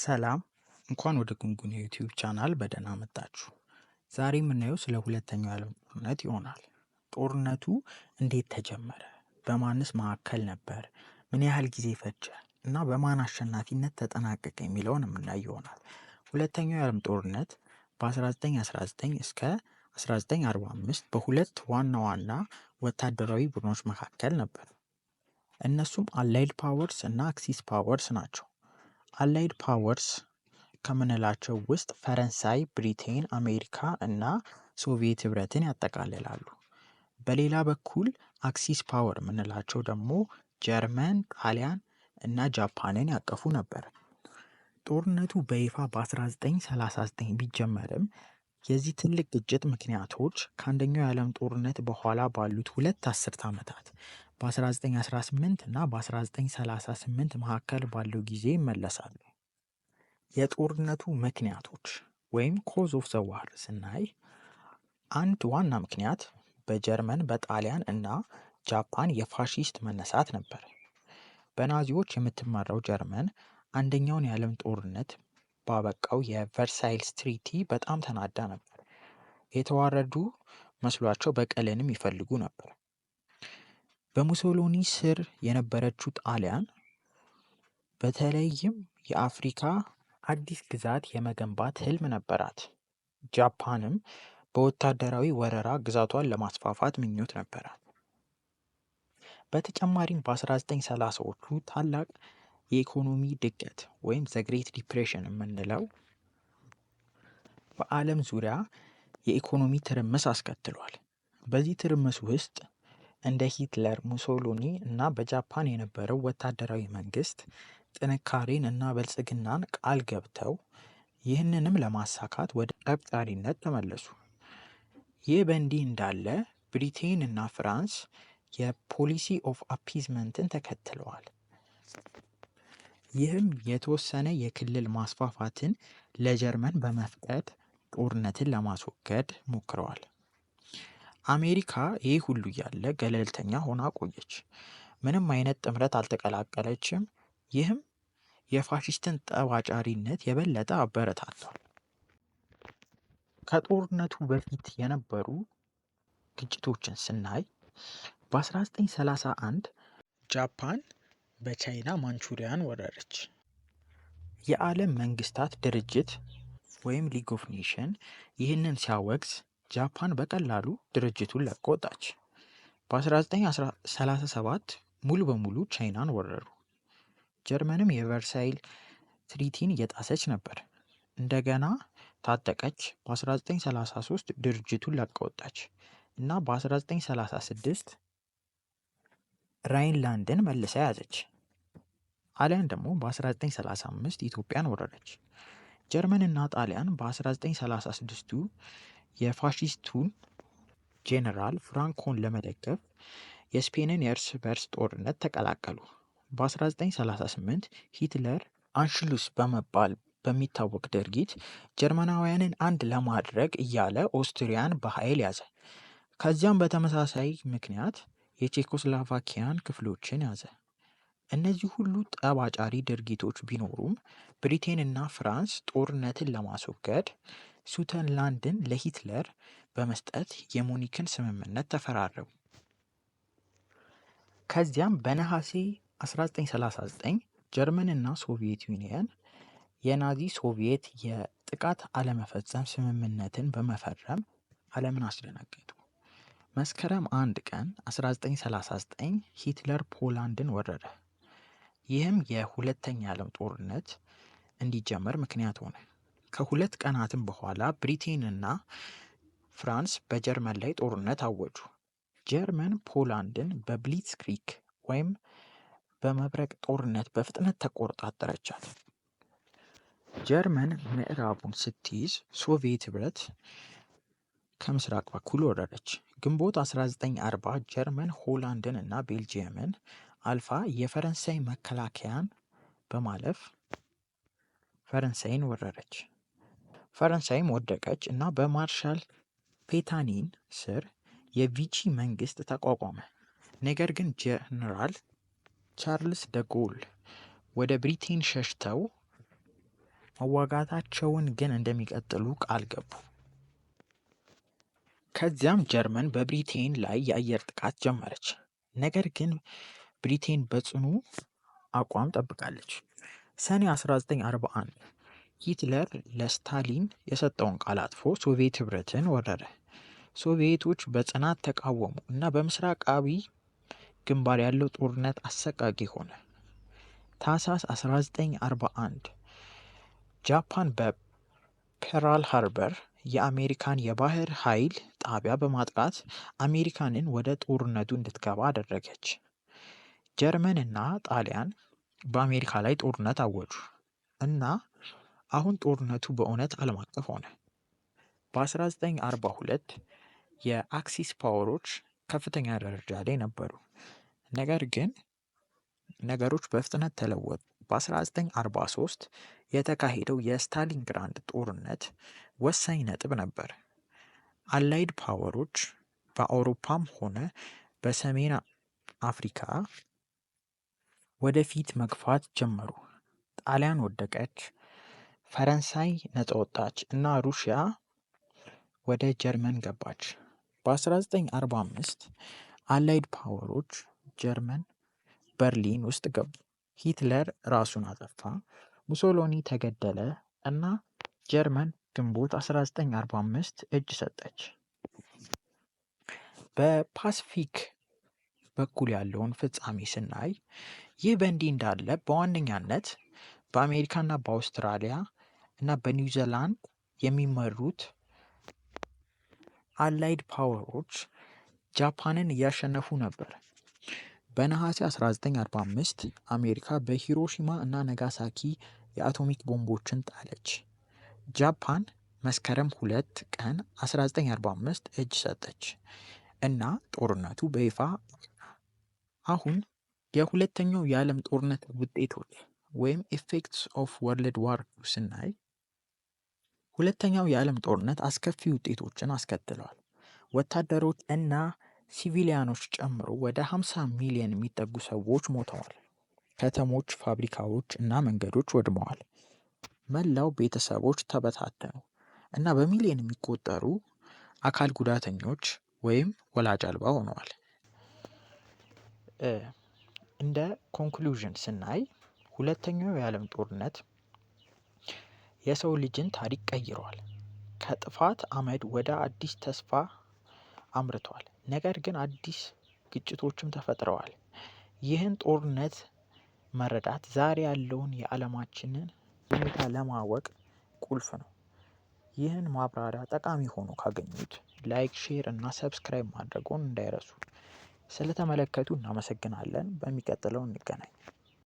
ሰላም እንኳን ወደ ጉንጉን የዩቲዩብ ቻናል በደህና መጣችሁ። ዛሬ የምናየው ስለ ሁለተኛው የዓለም ጦርነት ይሆናል። ጦርነቱ እንዴት ተጀመረ? በማንስ መካከል ነበር? ምን ያህል ጊዜ ፈጀ? እና በማን አሸናፊነት ተጠናቀቀ የሚለውን የምናይ ይሆናል። ሁለተኛው የዓለም ጦርነት በ1919 እስከ 1945 በሁለት ዋና ዋና ወታደራዊ ቡድኖች መካከል ነበር። እነሱም አላይድ ፓወርስ እና አክሲስ ፓወርስ ናቸው። አላይድ ፓወርስ ከምንላቸው ውስጥ ፈረንሳይ ብሪቴን አሜሪካ እና ሶቪየት ህብረትን ያጠቃልላሉ። በሌላ በኩል አክሲስ ፓወር የምንላቸው ደግሞ ጀርመን ጣሊያን እና ጃፓንን ያቀፉ ነበር። ጦርነቱ በይፋ በ1939 ቢጀመርም የዚህ ትልቅ ግጭት ምክንያቶች ከአንደኛው የአለም ጦርነት በኋላ ባሉት ሁለት አስርት ዓመታት በ1918 እና በ1938 መካከል ባለው ጊዜ ይመለሳሉ። የጦርነቱ ምክንያቶች ወይም ኮዝ ኦፍ ዘዋር ዋር ስናይ አንድ ዋና ምክንያት በጀርመን በጣሊያን እና ጃፓን የፋሺስት መነሳት ነበር። በናዚዎች የምትመራው ጀርመን አንደኛውን የዓለም ጦርነት ባበቃው የቨርሳይልስ ትሪቲ በጣም ተናዳ ነበር። የተዋረዱ መስሏቸው በቀልንም ይፈልጉ ነበር። በሙሶሎኒ ስር የነበረችው ጣሊያን በተለይም የአፍሪካ አዲስ ግዛት የመገንባት ህልም ነበራት። ጃፓንም በወታደራዊ ወረራ ግዛቷን ለማስፋፋት ምኞት ነበራት። በተጨማሪም በ1930ዎቹ ታላቅ የኢኮኖሚ ድቀት ወይም ዘግሬት ዲፕሬሽን የምንለው በዓለም ዙሪያ የኢኮኖሚ ትርምስ አስከትሏል። በዚህ ትርምስ ውስጥ እንደ ሂትለር፣ ሙሶሎኒ እና በጃፓን የነበረው ወታደራዊ መንግስት ጥንካሬን እና ብልጽግናን ቃል ገብተው ይህንንም ለማሳካት ወደ ጠብጫሪነት ተመለሱ። ይህ በእንዲህ እንዳለ ብሪቴን እና ፍራንስ የፖሊሲ ኦፍ አፒዝመንትን ተከትለዋል። ይህም የተወሰነ የክልል ማስፋፋትን ለጀርመን በመፍቀድ ጦርነትን ለማስወገድ ሞክረዋል። አሜሪካ ይህ ሁሉ እያለ ገለልተኛ ሆና ቆየች። ምንም አይነት ጥምረት አልተቀላቀለችም። ይህም የፋሽስትን ጠባጫሪነት የበለጠ አበረታቷል። ከጦርነቱ በፊት የነበሩ ግጭቶችን ስናይ በ1931 ጃፓን በቻይና ማንቹሪያን ወረረች። የዓለም መንግስታት ድርጅት ወይም ሊግ ኦፍ ኔሽን ይህንን ሲያወግዝ ጃፓን በቀላሉ ድርጅቱን ለቆ ወጣች። በ1937 ሙሉ በሙሉ ቻይናን ወረሩ። ጀርመንም የቨርሳይል ትሪቲን እየጣሰች ነበር። እንደገና ታጠቀች። በ1933 ድርጅቱን ለቃ ወጣች እና በ1936 ራይንላንድን መልሳ ያዘች። ጣሊያን ደግሞ በ1935 ኢትዮጵያን ወረረች። ጀርመንና ጣሊያን በ1936ቱ የፋሺስቱን ጄኔራል ፍራንኮን ለመደገፍ የስፔንን የእርስ በርስ ጦርነት ተቀላቀሉ። በ1938 ሂትለር አንሽሉስ በመባል በሚታወቅ ድርጊት ጀርመናውያንን አንድ ለማድረግ እያለ ኦስትሪያን በኃይል ያዘ። ከዚያም በተመሳሳይ ምክንያት የቼኮስላቫኪያን ክፍሎችን ያዘ። እነዚህ ሁሉ ጠባጫሪ ድርጊቶች ቢኖሩም ብሪቴንና ፍራንስ ጦርነትን ለማስወገድ ሱተንላንድን ለሂትለር በመስጠት የሙኒክን ስምምነት ተፈራረሙ። ከዚያም በነሐሴ 1939 ጀርመንና ሶቪየት ዩኒየን የናዚ ሶቪየት የጥቃት አለመፈጸም ስምምነትን በመፈረም ዓለምን አስደነገጡ። መስከረም አንድ ቀን 1939 ሂትለር ፖላንድን ወረረ። ይህም የሁለተኛ ዓለም ጦርነት እንዲጀመር ምክንያት ሆነ። ከሁለት ቀናትም በኋላ እና ፍራንስ በጀርመን ላይ ጦርነት አወጁ። ጀርመን ፖላንድን በብሊትስክሪግ ወይም በመብረቅ ጦርነት በፍጥነት ተቆጣጠረቻት። ጀርመን ምዕራቡን ስትይዝ ሶቪየት ህብረት ከምስራቅ በኩል ወረረች። ግንቦት 1940 ጀርመን ሆላንድን እና ቤልጅየምን አልፋ የፈረንሳይ መከላከያን በማለፍ ፈረንሳይን ወረረች። ፈረንሳይም ወደቀች እና በማርሻል ፔታኒን ስር የቪቺ መንግስት ተቋቋመ። ነገር ግን ጀነራል ቻርልስ ደጎል ወደ ብሪቴን ሸሽተው መዋጋታቸውን ግን እንደሚቀጥሉ ቃል ገቡ። ከዚያም ጀርመን በብሪቴን ላይ የአየር ጥቃት ጀመረች። ነገር ግን ብሪቴን በጽኑ አቋም ጠብቃለች። ሰኔ 1941 ሂትለር ለስታሊን የሰጠውን ቃል አጥፎ ሶቪየት ህብረትን ወረረ። ሶቪየቶች በጽናት ተቃወሙ እና በምስራቃዊ ግንባር ያለው ጦርነት አሰቃቂ ሆነ። ታህሳስ 1941 ጃፓን በፐራል ሃርበር የአሜሪካን የባህር ኃይል ጣቢያ በማጥቃት አሜሪካንን ወደ ጦርነቱ እንድትገባ አደረገች። ጀርመን እና ጣሊያን በአሜሪካ ላይ ጦርነት አወጁ እና አሁን ጦርነቱ በእውነት ዓለም አቀፍ ሆነ። በ1942 የአክሲስ ፓወሮች ከፍተኛ ደረጃ ላይ ነበሩ፣ ነገር ግን ነገሮች በፍጥነት ተለወጡ። በ1943 የተካሄደው የስታሊንግራንድ ጦርነት ወሳኝ ነጥብ ነበር። አላይድ ፓወሮች በአውሮፓም ሆነ በሰሜን አፍሪካ ወደፊት መግፋት ጀመሩ። ጣሊያን ወደቀች። ፈረንሳይ ነጻ ወጣች እና ሩሽያ ወደ ጀርመን ገባች። በ1945 አላይድ ፓወሮች ጀርመን በርሊን ውስጥ ገቡ። ሂትለር ራሱን አጠፋ፣ ሙሶሎኒ ተገደለ እና ጀርመን ግንቦት 1945 እጅ ሰጠች። በፓስፊክ በኩል ያለውን ፍጻሜ ስናይ ይህ በእንዲህ እንዳለ በዋነኛነት በአሜሪካና በአውስትራሊያ እና በኒውዚላንድ የሚመሩት አላይድ ፓወሮች ጃፓንን እያሸነፉ ነበር። በነሐሴ 1945 አሜሪካ በሂሮሺማ እና ነጋሳኪ የአቶሚክ ቦምቦችን ጣለች። ጃፓን መስከረም 2 ቀን 1945 እጅ ሰጠች እና ጦርነቱ በይፋ አሁን የሁለተኛው የዓለም ጦርነት ውጤቶች ወይም ኢፌክትስ ኦፍ ወርልድ ዋር ስናይ ሁለተኛው የዓለም ጦርነት አስከፊ ውጤቶችን አስከትሏል። ወታደሮች እና ሲቪሊያኖች ጨምሮ ወደ 50 ሚሊዮን የሚጠጉ ሰዎች ሞተዋል። ከተሞች፣ ፋብሪካዎች እና መንገዶች ወድመዋል። መላው ቤተሰቦች ተበታተኑ እና በሚሊዮን የሚቆጠሩ አካል ጉዳተኞች ወይም ወላጅ አልባ ሆነዋል። እንደ ኮንክሉዥን ስናይ ሁለተኛው የዓለም ጦርነት የሰው ልጅን ታሪክ ቀይሯል። ከጥፋት አመድ ወደ አዲስ ተስፋ አምርቷል። ነገር ግን አዲስ ግጭቶችም ተፈጥረዋል። ይህን ጦርነት መረዳት ዛሬ ያለውን የዓለማችንን ሁኔታ ለማወቅ ቁልፍ ነው። ይህን ማብራሪያ ጠቃሚ ሆኖ ካገኙት ላይክ፣ ሼር እና ሰብስክራይብ ማድረጎን እንዳይረሱ። ስለተመለከቱ እናመሰግናለን። በሚቀጥለው እንገናኝ።